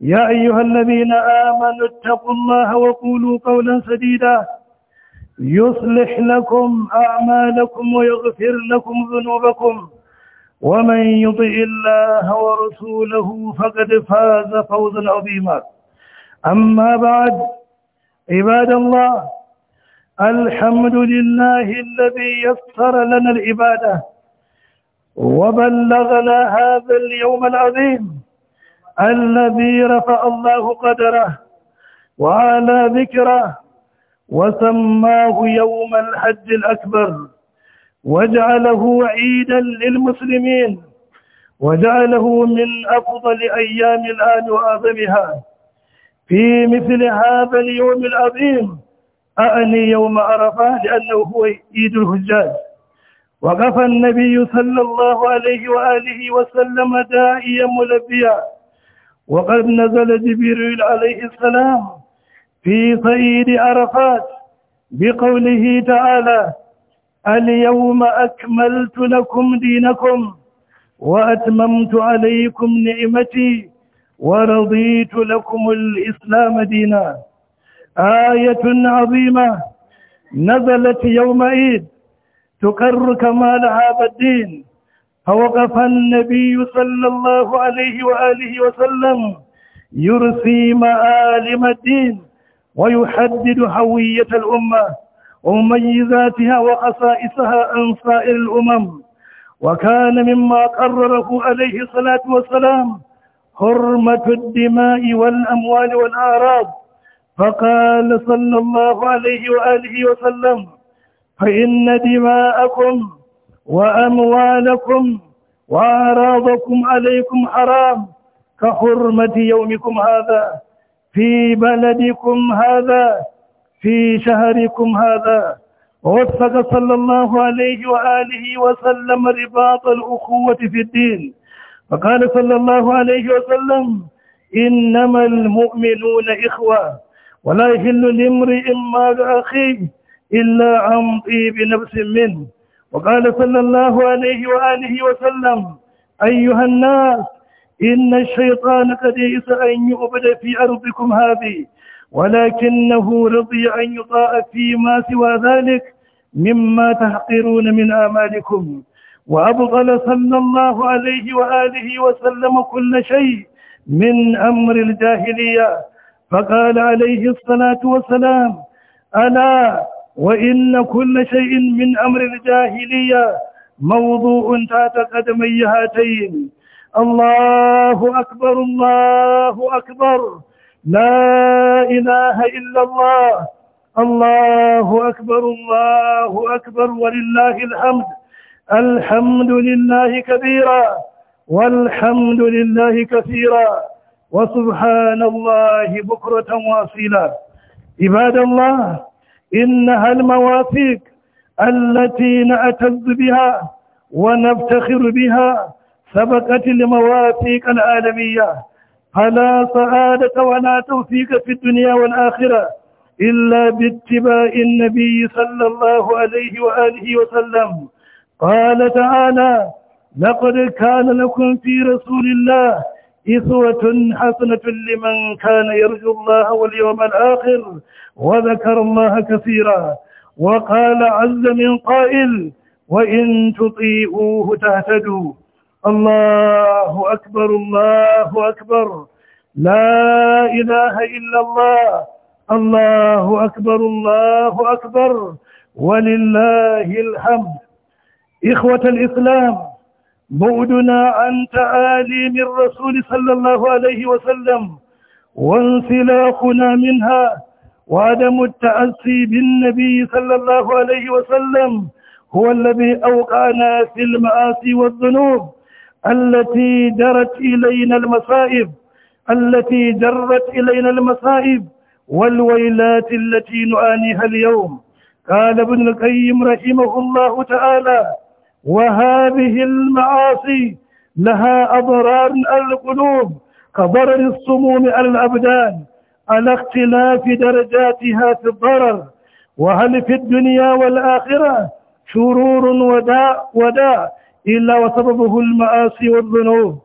يا أيها الذين آمنوا اتقوا الله وقولوا قولا سديدا يصلح لكم أعمالكم ويغفر لكم ذنوبكم ومن يطع الله ورسوله فقد فاز فوزا عظيما أما بعد عباد الله الحمد لله الذي يسر لنا العبادة وبلغنا هذا اليوم العظيم الذي رفع الله قدره وعلى ذكره وسماه يوم الحج الأكبر وجعله عيدا للمسلمين وجعله من أفضل أيام الآن وأعظمها في مثل هذا اليوم العظيم أأني يوم عرفة لأنه هو عيد الحجاج وقف النبي صلى الله عليه وآله وسلم دائيا ملبيا وقد نزل جبريل عليه السلام في صيد عرفات بقوله تعالى اليوم أكملت لكم دينكم وأتممت عليكم نعمتي ورضيت لكم الإسلام دينا آية عظيمة نزلت يوم عيد تقر كمال هذا الدين فوقف النبي صلى الله عليه وآله وسلم يرثي مآلم الدين ويحدد هوية الأمة ومميزاتها وخصائصها عن سائر الأمم وكان مما قرره عليه الصلاة والسلام حرمة الدماء والأموال والأعراض فقال صلى الله عليه وآله وسلم فإن دماءكم وأموالكم وأعراضكم عليكم حرام كحرمة يومكم هذا في بلدكم هذا في شهركم هذا وفق صلى الله عليه وآله وسلم رباط الأخوة في الدين فقال صلى الله عليه وسلم إنما المؤمنون إخوة ولا يحل لامرئ مال أخيه إلا عن طيب نفس منه وقال صلى الله عليه وآله وسلم أيها الناس إن الشيطان قد يئس أن يؤبد في أرضكم هذه ولكنه رضي أن يطاع فيما سوى ذلك مما تحقرون من آمالكم وأبطل صلى الله عليه وآله وسلم كل شيء من أمر الجاهلية فقال عليه الصلاة والسلام ألا وإن كل شيء من أمر الجاهلية موضوع تحت قدمي هاتين الله أكبر الله أكبر لا إله إلا الله الله أكبر الله أكبر ولله الحمد الحمد لله كبيرا والحمد لله كثيرا وسبحان الله بكرة واصيلا عباد الله إنها المواثيق التي نعتز بها ونفتخر بها سبقت المواثيق العالمية فلا سعادة ولا توفيق في الدنيا والآخرة إلا باتباع النبي صلى الله عليه وآله وسلم قال تعالى لقد كان لكم في رسول الله سورة حسنة لمن كان يرجو الله واليوم الآخر وذكر الله كثيرا وقال عز من قائل وإن تطيئوه تهتدوا الله أكبر الله أكبر لا إله إلا الله الله أكبر الله أكبر ولله الحمد إخوة الإسلام بعدنا عن تعاليم الرسول صلى الله عليه وسلم وانسلاخنا منها وعدم التأسي بالنبي صلى الله عليه وسلم هو الذي أوقعنا في المآسي والذنوب التي جرت إلينا المصائب التي جرت إلينا المصائب والويلات التي نعانيها اليوم قال ابن القيم رحمه الله تعالى وهذه المعاصي لها أضرار القلوب كضرر السموم على الأبدان على اختلاف درجاتها في الضرر وهل في الدنيا والآخرة شرور وداء وداء إلا وسببه المعاصي والذنوب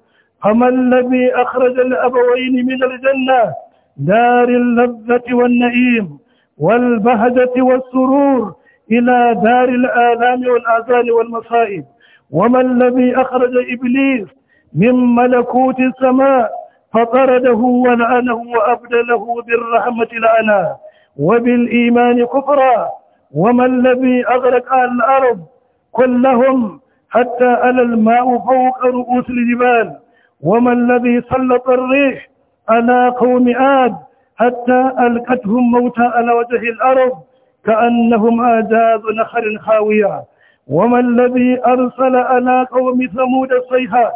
فما الذي أخرج الأبوين من الجنة دار اللذة والنعيم والبهجة والسرور إلى دار الآلام والآذان والمصائب وما الذي أخرج إبليس من ملكوت السماء فطرده ولعنه وأبدله بالرحمة لعنه وبالإيمان كفرا وما الذي أغرق على الأرض كلهم حتى أل الماء فوق رؤوس الجبال وما الذي سلط الريح على قوم آد حتى ألقتهم موتى على وجه الأرض كأنهم آجاز نخل خاوية وما الذي أرسل على قوم ثمود صيحة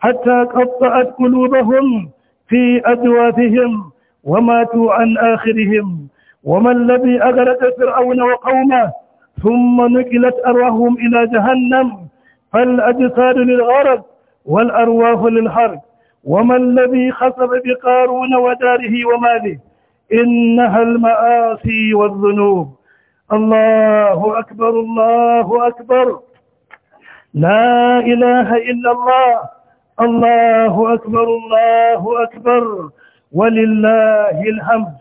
حتى قطعت قلوبهم في أجوافهم وماتوا عن آخرهم وما الذي أغرق فرعون وقومه ثم نقلت أرواحهم إلى جهنم فالأجساد للغرق والأرواح للحرق وما الذي خسف بقارون وداره وماله إنها المآسي والذنوب الله أكبر الله أكبر لا إله إلا الله الله أكبر الله أكبر ولله الحمد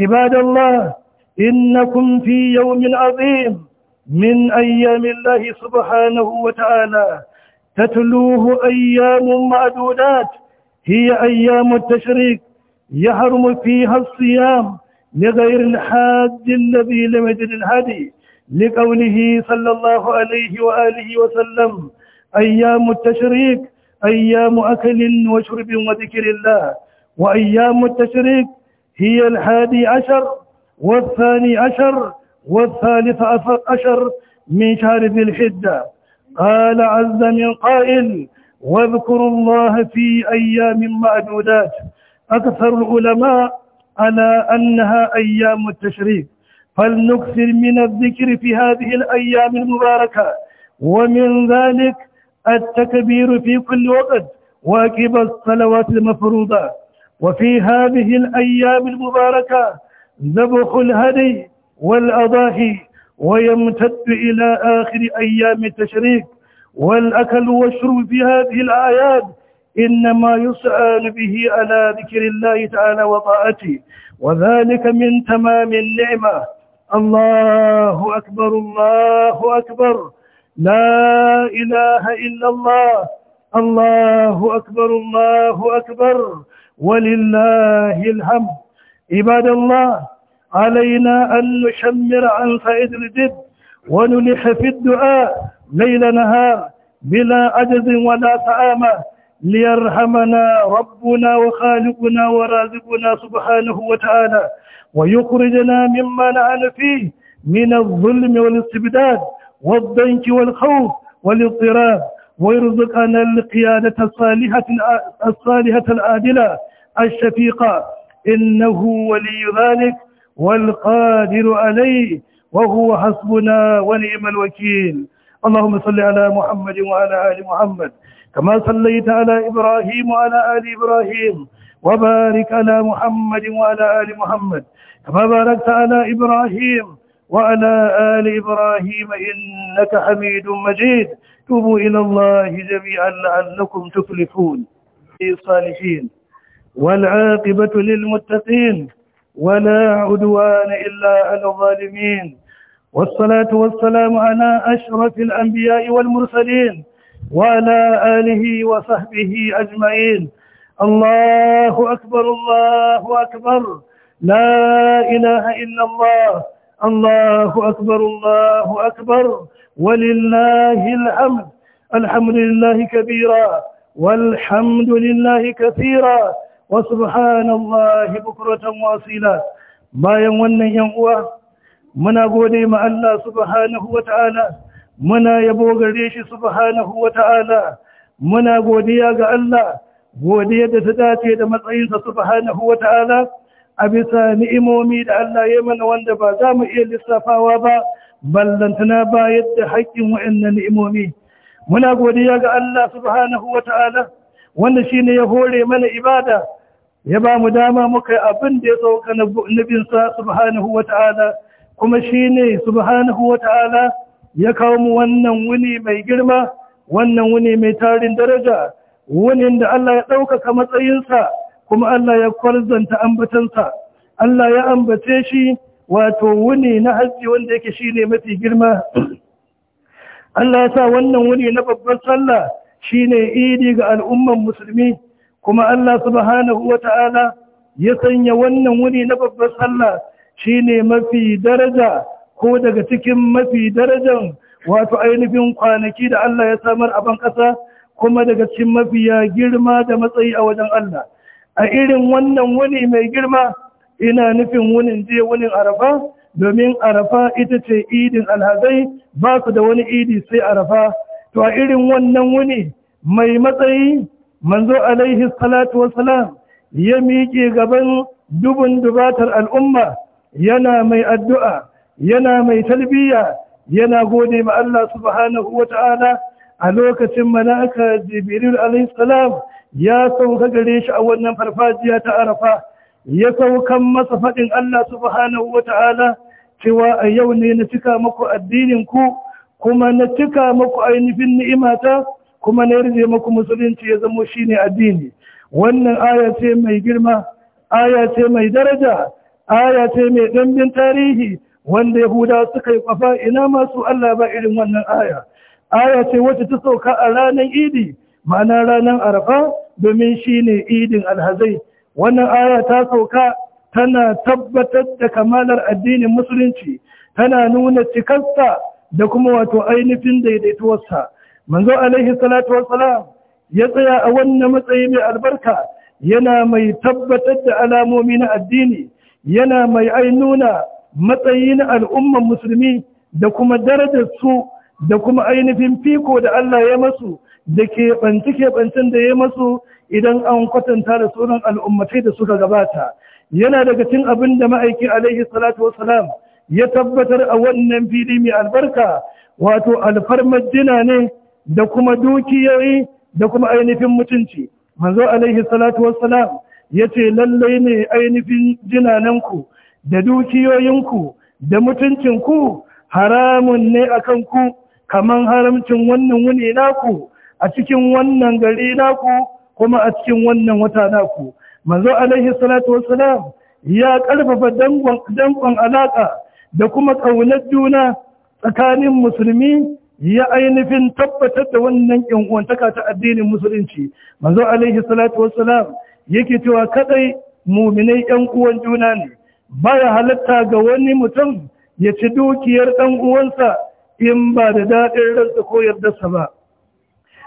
عباد الله إنكم في يوم عظيم من أيام الله سبحانه وتعالى تتلوه أيام معدودات هي أيام التشريك يحرم فيها الصيام لغير الحاج الذي لم يجد الهدي لقوله صلى الله عليه وآله وسلم أيام التشريك أيام أكل وشرب وذكر الله وأيام التشريك هي الحادي عشر والثاني عشر والثالث عشر من شهر ذي الحجة قال عز من قائل واذكروا الله في أيام معدودات أكثر العلماء على أنها أيام التشريف فلنكثر من الذكر في هذه الأيام المباركة ومن ذلك التكبير في كل وقت واجب الصلوات المفروضة وفي هذه الأيام المباركة ذبح الهدي والأضاحي ويمتد إلى آخر أيام التشريف والأكل والشرب في هذه الأعياد إنما يسأل به على ذكر الله تعالى وطاعته وذلك من تمام النعمة الله أكبر الله أكبر لا إله إلا الله الله أكبر الله أكبر ولله الهم عباد الله علينا أن نشمر عن فائد الجد ونلح في الدعاء ليل نهار بلا عجز ولا سآمة ليرحمنا ربنا وخالقنا ورازقنا سبحانه وتعالى ويخرجنا مما نحن فيه من الظلم والاستبداد والضنك والخوف والاضطراب ويرزقنا القيادة الصالحة الصالحة العادلة الشفيقة إنه ولي ذلك والقادر عليه وهو حسبنا ونعم الوكيل اللهم صل على محمد وعلى آل محمد كما صليت على إبراهيم وعلى آل إبراهيم وبارك على محمد وعلى آل محمد كما باركت على إبراهيم وعلى آل إبراهيم إنك حميد مجيد توبوا إلى الله جميعا لعلكم تفلحون الصالحين والعاقبة للمتقين ولا عدوان إلا على الظالمين والصلاة والسلام على أشرف الأنبياء والمرسلين وعلى آله وصحبه أجمعين الله أكبر الله أكبر لا إله إلا الله الله أكبر الله أكبر ولله الحمد الحمد لله كبيرا والحمد لله كثيرا وسبحان الله بكرة واصيلا ما يمنى ينقوى من أقول ما الله سبحانه وتعالى muna yabo gare shi subhanahu wata'ala muna godiya ga Allah godiya da ta dace da matsayinsa subhanahu wata'ala a bisa ni'imomi da Allah ya mana wanda ba za mu iya lissafawa ba ballantana bayar da haƙƙin wa'annan ni'imomi muna godiya ga Allah subhanahu wata'ala wanda shine ya hore mana ibada ya ba mu dama muka yi abin da ya sauka na nabinsa subhanahu wata'ala kuma shine subhanahu wata'ala ya kawo mu wannan wuni mai girma wannan wuni mai tarin daraja wunin da Allah ya ɗaukaka matsayinsa kuma Allah ya kwarzanta ambatansa Allah ya ambace shi wato wuni na hajji wanda yake shi ne mafi girma Allah ya sa wannan wuni na babbar sallah shi ne idi ga al'umman musulmi kuma Allah subhanahu wa ta'ala ya sanya wannan wuni na babbar sallah shi ne mafi daraja ko daga cikin mafi darajan wato ainihin kwanaki da Allah ya samar a ban ƙasa kuma daga cikin mafiya girma da matsayi a wajen Allah a irin wannan wuni mai girma ina nufin wunin je wunin arafa domin arafa ita ce idin alhazai ba su da wani idi sai arafa to a irin wannan wuni mai matsayi manzo alaihi salatu wassalam ya miƙe gaban dubun dubatar al'umma yana mai addu'a yana mai talbiya yana gode ma Allah subhanahu a lokacin mala'ika jibril alayhi salam ya sauka gare shi a wannan farfajiya ta arafa ya saukan masa faɗin Allah subhanahu cewa a yau ne na cika muku addinin ku kuma na cika muku ainihin ni'imata kuma na yarje muku musulunci ya zamo shine addini wannan aya ce mai girma aya ce mai daraja aya ce mai dambin tarihi wanda yahuda suka yi kwafa ina masu Allah ba irin wannan aya aya ce wacce ta sauka a ranar idi ma'ana ranar arafa domin shine idin alhazai wannan aya ta sauka tana tabbatar da kamalar addinin musulunci tana nuna cikasta, da kuma wato ainihin daidaituwarsa manzo alaihi salatu wassalam ya tsaya a wannan matsayi mai albarka yana mai tabbatar da alamomi na addini yana mai ainuna matsayi na al'umman musulmi da kuma darajar su da kuma ainihin fiko da Allah ya masu da keɓanci-keɓancin da ya masu idan an kwatanta da sauran al'ummatai da suka gabata. Yana daga cin abin da ma'aiki alaihi salatu wasalam ya tabbatar a wannan fili mai albarka wato alfarmar jina ne da kuma dukiyoyi da kuma ainihin mutunci. Manzo alaihi salatu wasalam ya ce lallai ne ainihin jinanenku da dukiyoyinku da mutuncinku haramun ne a kanku kaman haramcin wannan wuni naku a cikin wannan gari naku kuma a cikin wannan wata naku manzo alaihi salatu wassalam ya karfafa dangon alaƙa da kuma ƙaunar juna tsakanin musulmi ya ainihin tabbatar da wannan yan ta addinin musulunci manzo alaihi salatu wassalam yake cewa kadai mu'minai yan uwan juna ne baya halatta ga wani mutum ya ci dukiyar ɗan uwansa in ba da daɗin ransa ko yardarsa ba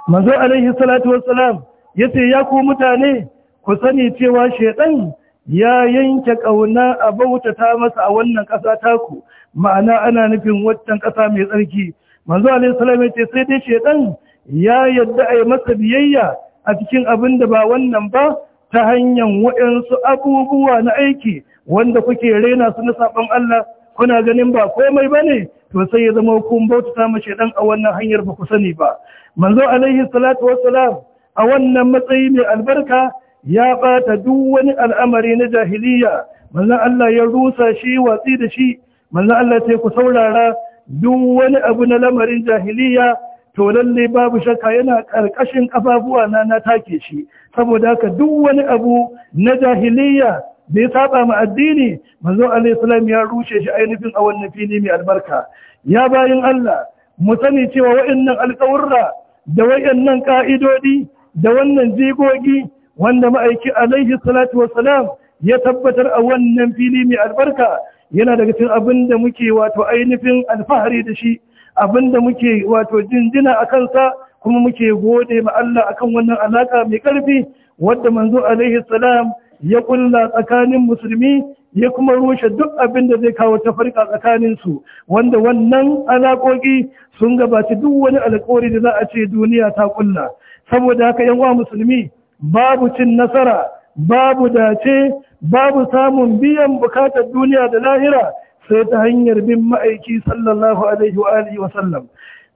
manzo alaihi salatu wassalam yace ya ku mutane ku sani cewa shedan ya yanke ƙauna a bautata masa a wannan ƙasa taku ma'ana ana nufin waccan ƙasa mai tsarki manzo alaihi salam yace sai dai shedan ya yadda a yi masa biyayya a cikin abin da ba wannan ba ta hanyar waɗansu abubuwa na aiki wanda kuke rena su na saban Allah kuna ganin ba komai ne? to sai ya zama kun bauta ma shedan a wannan hanyar ba ku sani ba manzo alaihi salatu wassalam a wannan matsayi mai albarka ya bata duk wani al'amari na jahiliya manzo Allah ya rusa shi watsi da shi manzo Allah sai ku saurara duk wani abu na lamarin jahiliya to lalle babu shakka yana ƙarƙashin ƙafafuwa na na take shi saboda haka duk wani abu na jahiliya da ya saba ma addini manzon alaihi salam ya rushe shi ainihin a wannan fili mai albarka ya bayin Allah mu sani cewa wa'annan alƙawarra da wa'annan ka'idodi da wannan jigogi wanda ma'aiki alaihi salatu wassalam ya tabbatar a wannan fili mai albarka yana daga cikin abin da muke wato ainihin alfahari da shi abin da muke wato jinjina a kansa kuma muke gode ma Allah akan wannan alaka mai ƙarfi wadda manzo alaihi salam ya kulla tsakanin musulmi ya kuma rushe duk abin da zai kawo tafarka tsakanin su wanda wannan alaƙoƙi sun gabaci duk wani alƙawari da za a ce duniya ta kulla saboda haka yan uwa musulmi babu cin nasara babu dace babu samun biyan bukatar duniya da lahira sai ta hanyar bin ma'aiki sallallahu alaihi wa alihi wa sallam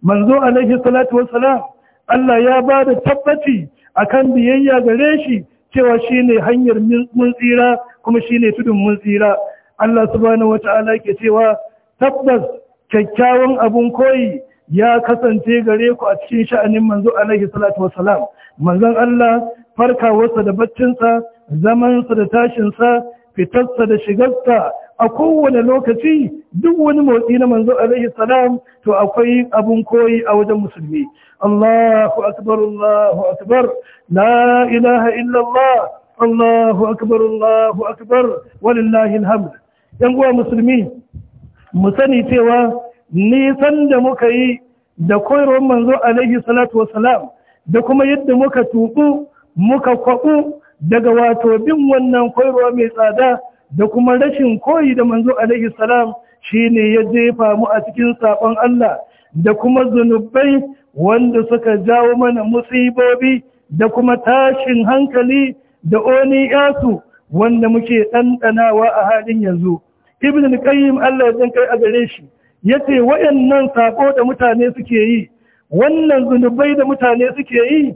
manzo alaihi salatu wa salam Allah ya ba da tabbaci akan biyayya gare shi cewa shi ne hanyar mun tsira kuma shi ne tudun mun tsira Allah subhanahu wata'ala ke cewa tabbas kyakkyawan abun koyi ya kasance gare ku a cikin sha'anin manzo alaihi salatu wasalam manzon Allah farkawarsa da baccinsa zamansa da tashinsa fitarsa da shigarsa a kowane lokaci duk wani motsi na manzo alaihi salam to akwai abun koyi a wajen musulmi Allahu akbar Allahu akbar la ilaha illallah Allahu akbar Allahu akbar walillahi alhamd yan uwa musulmi mu sani cewa nisan da muka yi da koyarwar manzo alaihi salatu wassalam da kuma yadda muka tuku muka kwabu daga wato bin wannan koyarwa mai tsada da kuma rashin koyi da manzo alaihi salam shine ya jefa mu a cikin sabon Allah da kuma zunubai wanda suka jawo mana musibobi da kuma tashin hankali da oni yasu wanda muke ɗanɗanawa a halin yanzu ibn al-qayyim Allah ya jin kai a gare shi yace wayannan saƙo da mutane suke yi wannan zunubai da mutane suke yi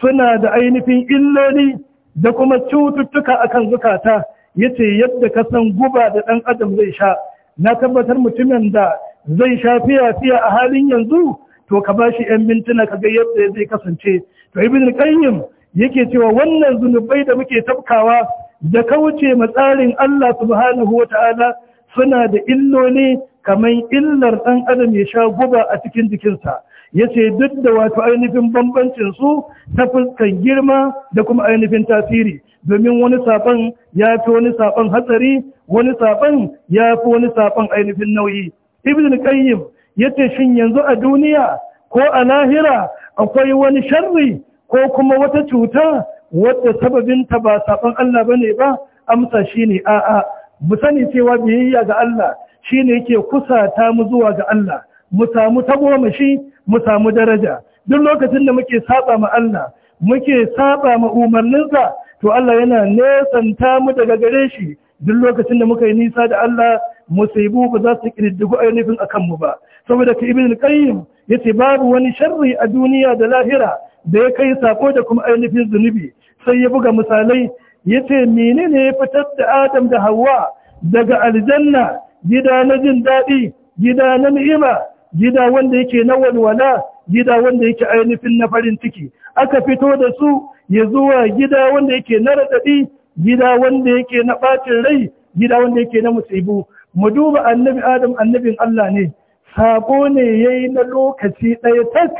suna da ainihin illoli da kuma cututtuka akan zukata yace yadda ka san guba da ɗan adam zai sha na tabbatar mutumin da zai sha fiya fiya a halin yanzu to ka bashi yan mintuna ka ga yadda zai kasance to ibn qayyim yake cewa wannan zunubai da muke tafkawa da kauce tsarin Allah subhanahu wata'ala suna da illoli kamar illar ɗan adam ya sha guba a cikin jikinsa ya ce duk da wato ainihin bambancin su ta fuskan girma da kuma ainihin tasiri domin wani saban ya fi wani saban hatsari wani saban ya fi wani saban ainihin nauyi ibn qayyim ce shin yanzu a duniya ko a lahira akwai wani sharri ko kuma wata cuta wadda sababin ta ba saban Allah bane ba amsa shine a'a mu sani cewa biyayya ga Allah shine yake kusata mu zuwa ga Allah mu samu tagomashi mu samu daraja duk lokacin da muke saba ma Allah muke saba ma umarninsa to Allah yana nesanta mu daga gare shi duk lokacin da muka yi nisa da Allah musibu ba za su kididdigu ainihin akan mu ba saboda ka ibn al-qayyim yace babu wani sharri a duniya da lahira da ya kai sako da kuma ainihin zunubi sai ya buga misalai yace menene ya fitar da Adam da Hawwa daga aljanna gida na jin daɗi gida na ni'ima gida wanda yake na walwala gida wanda yake ainihin na farin ciki aka fito da su ya zuwa gida wanda yake na raɗaɗi gida wanda yake na ɓacin rai gida wanda yake na musibu mu duba annabi adam annabin Allah ne sabo ne yayi na lokaci ɗaya tak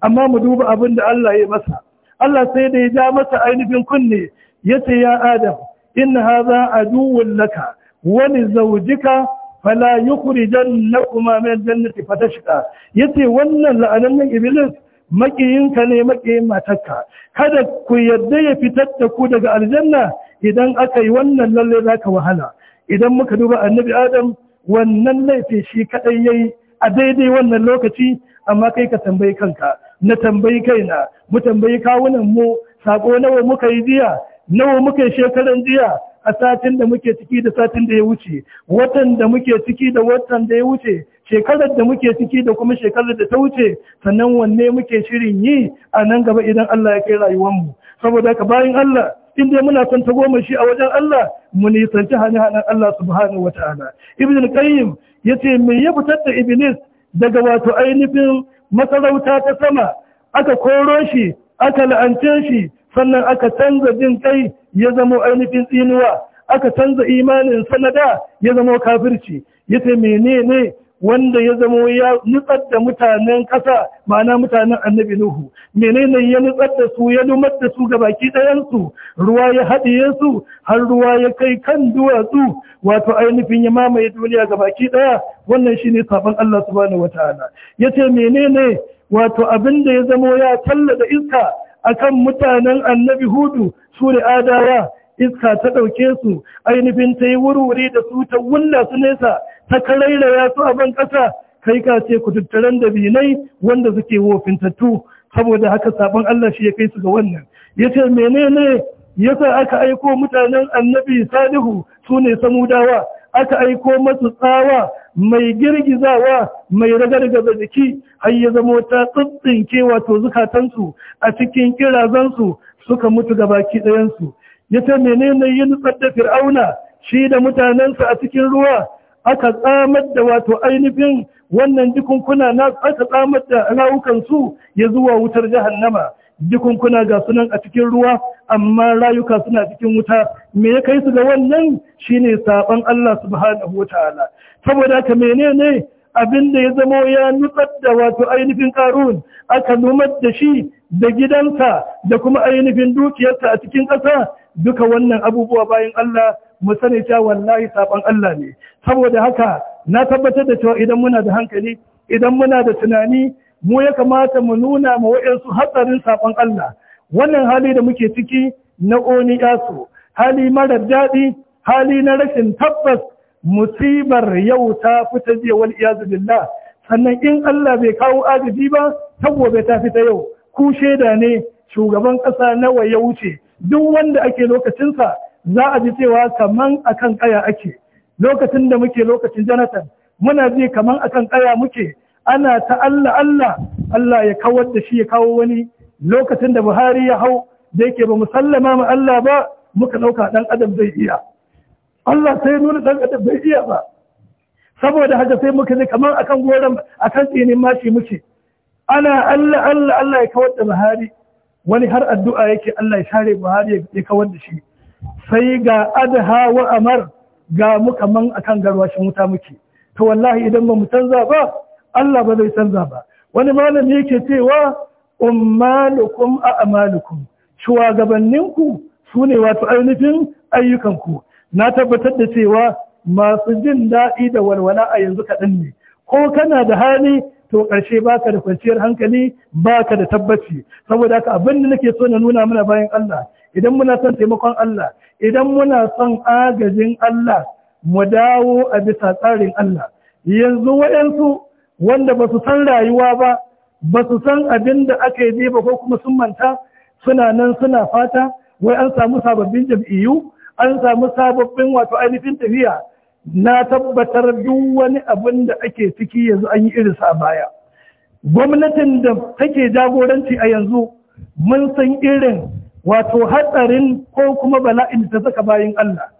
amma mu duba abin da Allah ya masa Allah sai da ya ja masa ainihin kunne yace ya adam inna hadha aduwwun laka wa li zawjika fala yukhrijannakuma jannati Fatashka. Ya yace wannan la'anan iblis makiyinka ne makiyin matarka kada ku yadda ya fitar da ku daga aljanna idan aka yi wannan lalle za ka wahala idan muka duba annabi adam wannan laifi shi kaɗai ya yi a daidai wannan lokaci amma kai ka tambayi kanka na tambayi kaina mu tambayi kawunan mu Saƙo nawa muka yi jiya nawa muka yi shekaran jiya a satin da muke ciki da satin da ya wuce watan da muke ciki da watan da ya wuce shekarar da muke ciki da kuma shekarar da ta wuce sannan wanne muke shirin yi a nan gaba idan Allah ya kai rayuwarmu saboda haka bayan Allah inda dai muna son ta goma shi a wajen Allah mu nisanci hane-hanen Allah subhanahu wataala ibn al-qayyim yace me ya fitar da iblis daga wato ainihin masarauta ta sama aka koro shi aka la'ance shi sannan aka canza jin kai ya zama ainihin tsinuwa aka canza imanin sanada ya zama kafirci yace menene wanda ya zama ya nutsar da mutanen ƙasa ma'ana mutanen annabi nuhu menene ya nutsar da su ya lumar da su gabaki ɗayansu ruwa ya haɗiye su har ruwa ya kai kan duwatsu wato ainihin ya mamaye duniya ga baki ɗaya wannan shine sabon Allah subhanahu wataala yace menene wato abin da ya zama ya da iska akan mutanen annabi hudu su da adawa iska ta ɗauke su ainihin ta yi wurwuri da su ta wulla su nesa ta ya su a ban ƙasa kai ka ce ku tattaran da binai wanda suke wofintattu saboda haka sabon Allah shi ya kai su ga wannan Ya ce menene yasa aka aiko mutanen annabi salihu su ne samudawa aka aiko masu tsawa mai girgizawa mai ragargaza jiki har ya zamo ta tsintsinke wato zukatansu a cikin kirazansu suka mutu ga baki ɗayansu ya ta menene yin nutsar da fir'auna shi da mutanensa a cikin ruwa aka tsamar da wato ainihin wannan jikunkuna na aka tsamar da su ya zuwa wutar jahannama jikunkuna ga sunan a cikin ruwa amma rayuka suna cikin wuta me ya kai su ga wannan shine saban Allah subhanahu wataala saboda ka menene abin da ya zamo ya nutsar da wato ainihin karun aka numar da shi da gidansa da kuma ainihin dukiyarsa a cikin ƙasa duka wannan abubuwa bayan Allah mu sani cewa wallahi saban Allah ne saboda haka na tabbatar da cewa idan muna da hankali idan muna da tunani mu ya kamata mu nuna ma waɗansu hatsarin saƙon Allah wannan hali da muke ciki na oni yasu hali marar daɗi hali na rashin tabbas musibar yau ta fita jiya wal iyazu billah sannan in Allah bai kawo agaji ba ta gobe ta fita yau ku shaida ne shugaban ƙasa nawa ya wuce duk wanda ake lokacinsa za a ji cewa kaman akan kaya ake lokacin da muke lokacin Jonathan muna ji kaman akan ƙaya muke ana ta Allah Allah Allah ya kawar da shi ya kawo wani lokacin da Buhari ya hau da yake ba musallama ma Allah ba muka dauka dan adam zai iya Allah sai nuna dan adam bai iya ba saboda haka sai muka ji kamar akan goran akan tsinin mashi muke ana Allah Allah Allah ya kawar da Buhari wani har addu'a yake Allah ya share Buhari ya kawar da shi sai ga adha wa amar ga mu man akan garwashin wuta muke to wallahi idan ba mu canza ba Allah ba zai canza ba wani malami yake cewa ummalukum a amalukum shugabanninku sune ne wato ainihin ayyukanku na tabbatar da cewa masu jin daɗi da walwala a yanzu kaɗan ne ko kana da hali to ƙarshe baka da kwanciyar hankali baka da tabbaci saboda haka abin da nake so na nuna mana bayan Allah idan muna son taimakon Allah idan muna son agajin Allah mu dawo a bisa tsarin Allah yanzu waɗansu wanda ba su san rayuwa ba ba su san abin da aka yi ba ko kuma sun manta suna nan suna fata wai an samu sababbin jam'iyyu an samu sababbin wato ainihin tafiya na tabbatar duk wani abin da ake ciki yanzu an yi irinsa a baya gwamnatin da take jagoranci a yanzu mun san irin wato hatsarin ko kuma bala'in da ta saka bayan Allah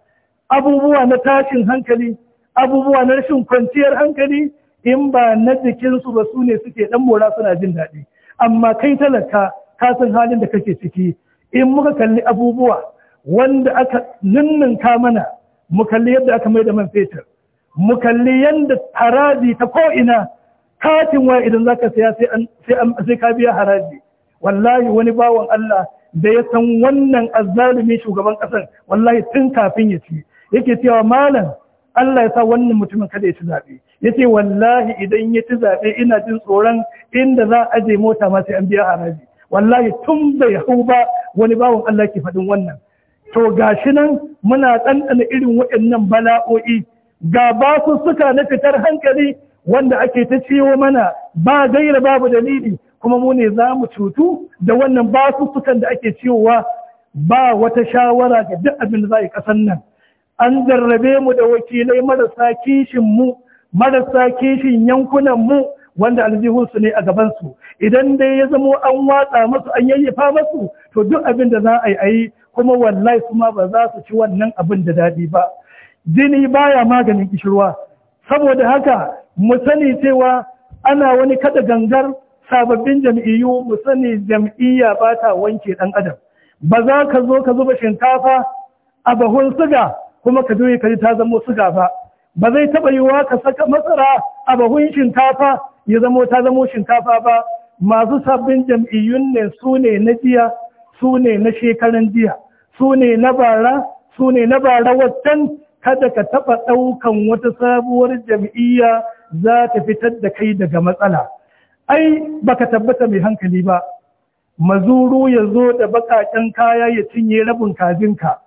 abubuwa na tashin hankali abubuwa na rashin kwanciyar hankali in ba na jikinsu ba su ne suke ɗan mora suna jin daɗi amma kai talaka ka san halin da kake ciki in muka kalli abubuwa wanda aka ninninka mana mu kalli yadda aka mai da man fetur mu kalli yadda haraji ta ko'ina katin waya idan za ka saya sai ka biya haraji wallahi wani bawan Allah da ya san wannan azzalumi shugaban ƙasar wallahi tun kafin ya ci yake cewa malam Allah ya sa wannan mutumin kada ya ci zaɓe yace wallahi idan ya ci zaɓe ina jin tsoron inda za a aje mota masu yan an biya haraji wallahi tun bai hau ba wani bawan Allah ke faɗin wannan to gashi nan muna ɗanɗana irin waɗannan bala'o'i ga basu suka na fitar hankali wanda ake ta ciwo mana ba gaira babu dalili kuma mu ne za mu cutu da wannan basussukan da ake ciwowa ba wata shawara ga duk abin da za a yi ƙasan nan an jarrabe mu da wakilai marasa kishin mu marasa kishin yankunan mu wanda aljihunsu ne a gabansu idan dai ya zamo an watsa masu an yayyafa masu to duk abin da za a yi a kuma wallahi kuma ba za su ci wannan abin da daɗi ba jini baya maganin kishirwa saboda haka mu sani cewa ana wani kada gangar sababbin jam'iyyu mu sani jam'iyya ba ta wanke ɗan adam ba za ka zo ka zuba shinkafa a bahun suga kuma ka doye ka ji ta zamo suga ba ba zai taɓa yiwuwa ka saka masara a bahun shinkafa ya zamo ta zamo shinkafa ba masu sabbin jam'iyyun ne su ne na jiya su ne na shekaran jiya su ne na bara su ne na bara waccan kada ka taɓa ɗaukan wata sabuwar jam'iyya za ta fitar da kai daga matsala ai baka tabbata mai hankali ba mazuru ya zo da baƙaƙen kaya ya cinye rabin kajinka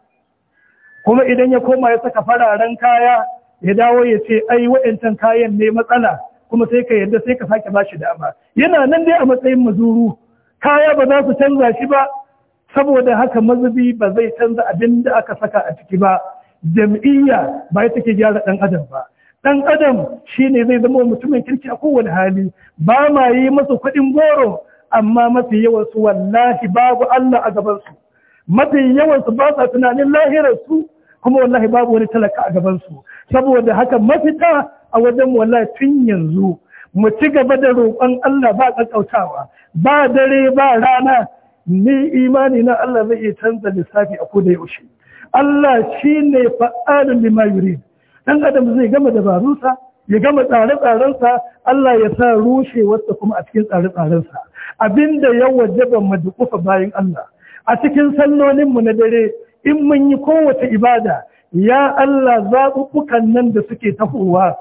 kuma idan ya koma ya saka fararen kaya ya dawo ya ce ai waɗancan kayan ne matsala kuma sai ka yarda sai ka sake ba bashi dama yana nan dai a matsayin mazuru kaya ba za su canza shi ba saboda haka mazubi ba zai canza abin da aka saka a ciki ba jam'iyya ba ya take gyara ɗan adam ba ɗan adam shine zai zama mutumin kirki a kowane hali ba ma yi masa kuɗin goro amma mafi yawan su wallahi babu Allah a gaban mafi yawansu su ba sa tunanin lahirar su kuma wallahi babu wani talaka a gabansu saboda haka mafita a wajen wallahi tun yanzu mu ci gaba da roƙon Allah ba ƙaƙƙautawa ba dare ba rana ni imani na Allah zai iya canza lissafi a koda yaushe Allah shi ne fa'alin lima dan adam zai gama dabarunsa ya gama tsare-tsarensa Allah ya sa rushewarsa kuma a cikin tsare-tsarensa abinda ya wajaba mu dukufa bayan Allah a cikin sallolinmu na dare in mun yi kowace ibada ya Allah zaɓuɓɓukan nan da suke tahowa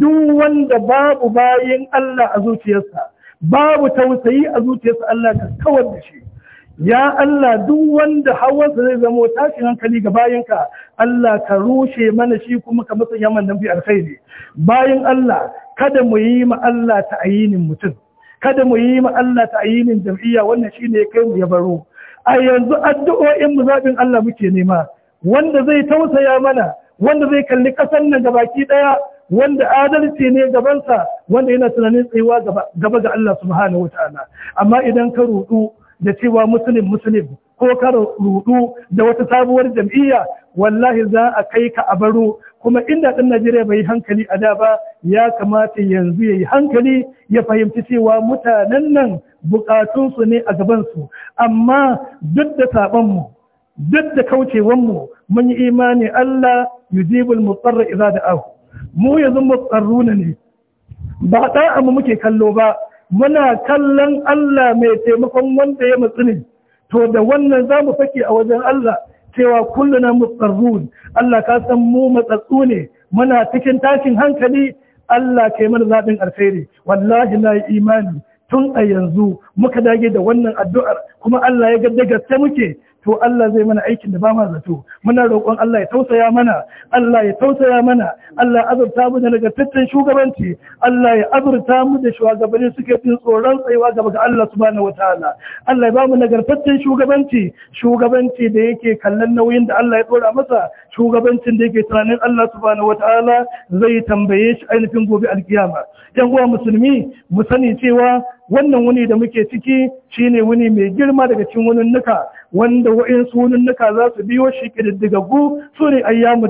duk wanda babu bayan Allah a zuciyarsa babu tausayi a zuciyarsa Allah ka kawar da shi ya Allah duk wanda hawansa zai zama tashin hankali ga ka, Allah ka rushe mana shi kuma ka masa yaman nan fi alkhairi bayan Allah kada mu yi ma Allah ta'ayinin mutum kada mu yi ma Allah ta'ayinin jam'iyya wannan shine kai mu ya baro a yanzu addu'o'in mu zaɓin Allah muke nema wanda zai tausaya mana wanda zai kalli ƙasar nan gabaki ɗaya wanda adalci ne gabansa wanda yana tunanin tsayuwa gaba ga Allah subhanahu wataala amma idan ka rudu da cewa musulun musulun ko ka rudu da wata sabuwar jam'iyya wallahi za a kai ka a baro kuma inda ɗan Najeriya bai yi hankali a da ba ya kamata yanzu ya yi hankali ya fahimci cewa mutanen nan bukatunsu ne a gabansu amma duk da saɓonmu duk da kaucewanmu mun yi imani Allah yujibul mutsarra idza da'ahu mu yanzu mutsarruna ne ba da'a mu muke kallo ba muna kallon Allah mai taimakon wanda ya ne. to da wannan zamu fake a wajen Allah cewa kulluna mutsarrun Allah ka san mu matsatsu ne muna cikin tashin hankali Allah kai mana zaɓin alkhairi wallahi na yi imani tun a yanzu muka dage da wannan addu'ar kuma Allah ya ga daga muke to Allah zai mana aikin da ba ma zato muna roƙon Allah ya tausaya mana Allah ya tausaya mana Allah azurta mu da nagartaccen shugabanci Allah ya azurta mu da shugabanni suke jin tsoron tsayuwa gaba ga Allah subhanahu wataala Allah ya ba mu nagartaccen shugabanci shugabanci da yake kallon nauyin da Allah ya dora masa shugabancin da yake tunanin Allah subhanahu wataala zai tambaye shi ainihin gobe alkiyama yan uwa musulmi mu sani cewa wannan wuni da muke ciki shine wuni mai girma daga cikin wani nuka wanda wa'in sunannuka za su biyo shi ƙididdigaggu su ne ayyamu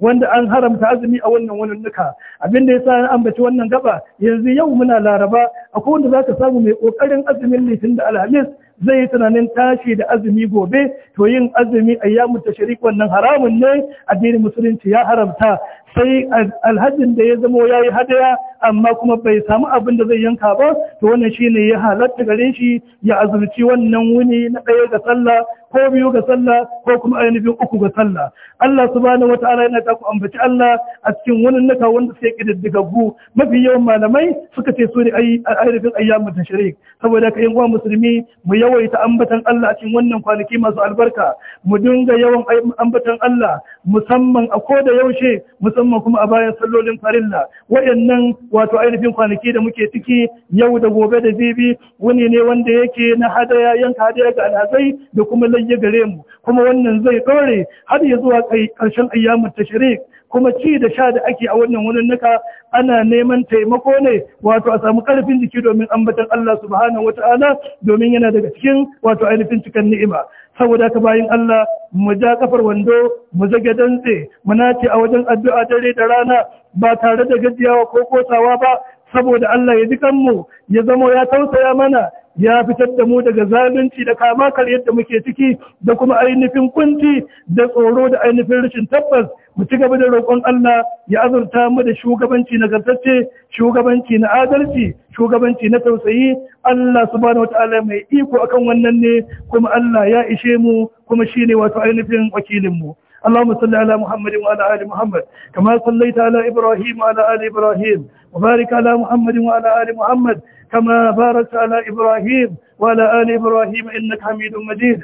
wanda an haramta azumi a wannan wanannuka abin da sa an ambaci wannan gaba yanzu yau muna laraba akwai wanda za ka samu mai ƙoƙarin azumin litin da alhamis zai yi tunanin tashi da azumi gobe to yin azumi ayyamu tashrik wannan haramun ne addinin musulunci ya haramta sai alhajin da ya zamo ya yi hadaya amma kuma bai samu abin da zai yanka ba to wannan shi ne ya halatta gare shi ya azurci wannan wuni na ɗaya ga sallah ko biyu ga sallah ko kuma ainihin uku ga sallah Allah subhanahu wataala yana ta ku ambaci Allah a cikin wani naka wanda sai kididdigaggu mafi yawan malamai suka ce su ne ainihin ayyamu tashrik saboda ka yin uwa musulmi mu yawaita ambatan Allah a cikin wannan kwanaki masu albarka mu dinga yawan ambatan Allah musamman a ko da yaushe musamman kuma a bayan sallolin farilla wayannan wato ainihin kwanaki da muke ciki yau da gobe da bibi wani ne wanda yake na hadaya yanka hadaya ga alhazai da kuma layya gare mu kuma wannan zai dore har ya zuwa karshen ayyamin tashrik kuma ci da sha da ake a wannan wurin naka ana neman taimako ne wato a samu karfin jiki domin ambatan Allah subhanahu wataala domin yana daga cikin wato ainihin cikan ni'ima saboda ka bayin Allah mu ja kafar wando mu zage dantse mu nace a wajen addu'a dare da rana ba tare da gajiyawa ko kosawa ba saboda Allah ya ji kanmu ya zama ya tausaya mana ya fitar da mu daga zalunci da kama karyar da muke ciki da kuma ainihin kunci da tsoro da ainihin rashin tabbas mu ci gaba da roƙon Allah ya azurta mu da shugabanci na gartacce shugabanci na adalci shugabanci na tausayi Allah subhanahu wataala mai iko akan wannan ne kuma Allah ya ishe mu kuma shine wato ainihin wakilin mu اللهم صل على محمد وعلى ال محمد كما صليت على ابراهيم وعلى ال ابراهيم وبارك على محمد وعلى ال محمد كما باركت على ابراهيم وعلى ال ابراهيم انك حميد مجيد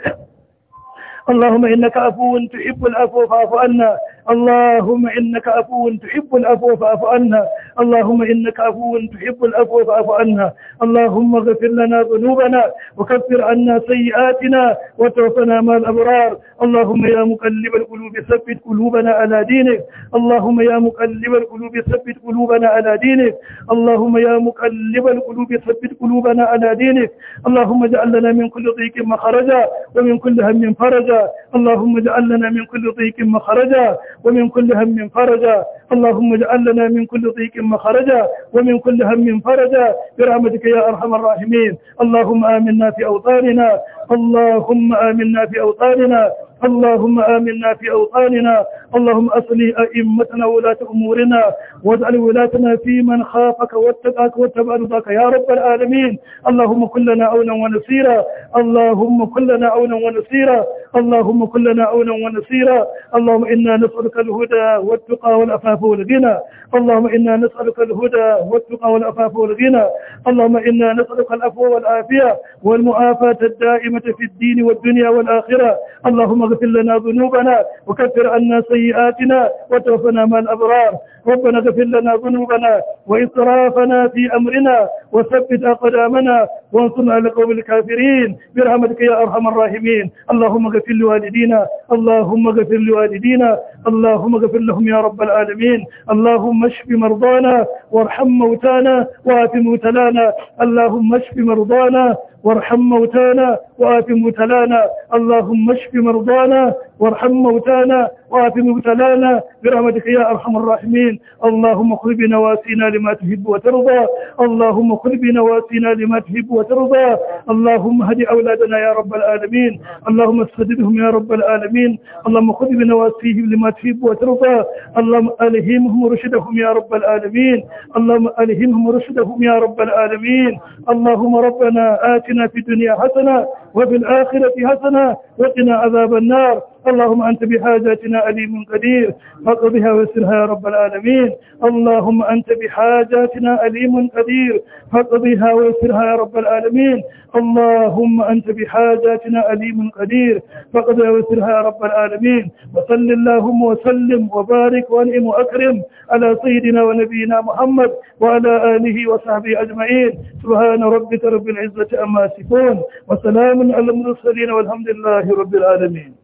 اللهم انك عفو تحب العفو فاعف عنا اللهم إنك عفو تحب العفو فاعف عنا اللهم إنك عفو تحب العفو فاعف عنا اللهم اغفر لنا ذنوبنا وكفر عنا سيئاتنا وتوفنا مع الأبرار اللهم يا مقلب القلوب ثبت قلوبنا على دينك اللهم يا مقلب القلوب ثبت قلوبنا على دينك اللهم يا مقلب القلوب ثبت قلوبنا على دينك اللهم اجعل لنا من كل ضيق مخرجا ومن كل هم فرجا اللهم اجعل لنا من كل ضيق مخرجا ومن كل هم فرجا اللهم اجعل لنا من كل ضيق مخرجا ومن كل هم فرجا برحمتك يا أرحم الراحمين اللهم آمنا في أوطاننا اللهم آمنا في أوطاننا اللهم آمنا في أوطاننا اللهم اصلح أئمتنا ولاة أمورنا واجعل ولاتنا في من خافك واتقاك واتبع رضاك يا رب العالمين اللهم كلنا عونا ونصيرا اللهم كلنا عونا ونصيرا اللهم كن لنا عونا ونصيرا اللهم إنا نسألك الهدى والتقى والعفاف والغنى اللهم إنا نسألك الهدى والتقى والعفاف والغنى اللهم إنا نسألك العفو والعافية والمعافاة الدائمة في الدين والدنيا والآخرة اللهم اغفر لنا ذنوبنا وكفر عنا سيئاتنا وتوفنا مع الأبرار ربنا اغفر لنا ذنوبنا وإسرافنا في أمرنا وثبت أقدامنا وانصرنا على القوم الكافرين برحمتك يا أرحم الراحمين اللهم اغفر لوالدينا اللهم اغفر لوالدينا اللهم اغفر لهم يا رب العالمين اللهم اشف مرضانا وارحم موتانا وآت مبتلانا اللهم اشف مرضانا وارحم موتانا وآت مبتلانا اللهم اشف مرضانا وارحم موتانا وآت مبتلانا برحمتك يا أرحم الراحمين اللهم خذ بنواسينا لما تحب وترضى اللهم خذ بنواسينا لما تحب وترضى اللهم هد أولادنا يا رب العالمين اللهم استدرهم يا رب العالمين اللهم خذ بنواسيهم لما تحب وترضى اللهم ألهمهم رشدهم يا رب العالمين اللهم ألهمهم رشدهم يا رب العالمين اللهم ربنا آتنا وقنا في الدنيا حسنة وفي الآخرة حسنة وقنا عذاب النار اللهم أنت بحاجاتنا أليم قدير فاقضها ويسرها يا رب العالمين اللهم أنت بحاجاتنا أليم قدير فاقضها ويسرها يا رب العالمين اللهم أنت بحاجاتنا أليم قدير فاقضها ويسرها يا رب العالمين وصل اللهم وسلم وبارك وانعم وأكرم على سيدنا ونبينا محمد وعلى آله وصحبه أجمعين سبحان ربك رب العزة أما يصفون وسلام على المرسلين والحمد لله رب العالمين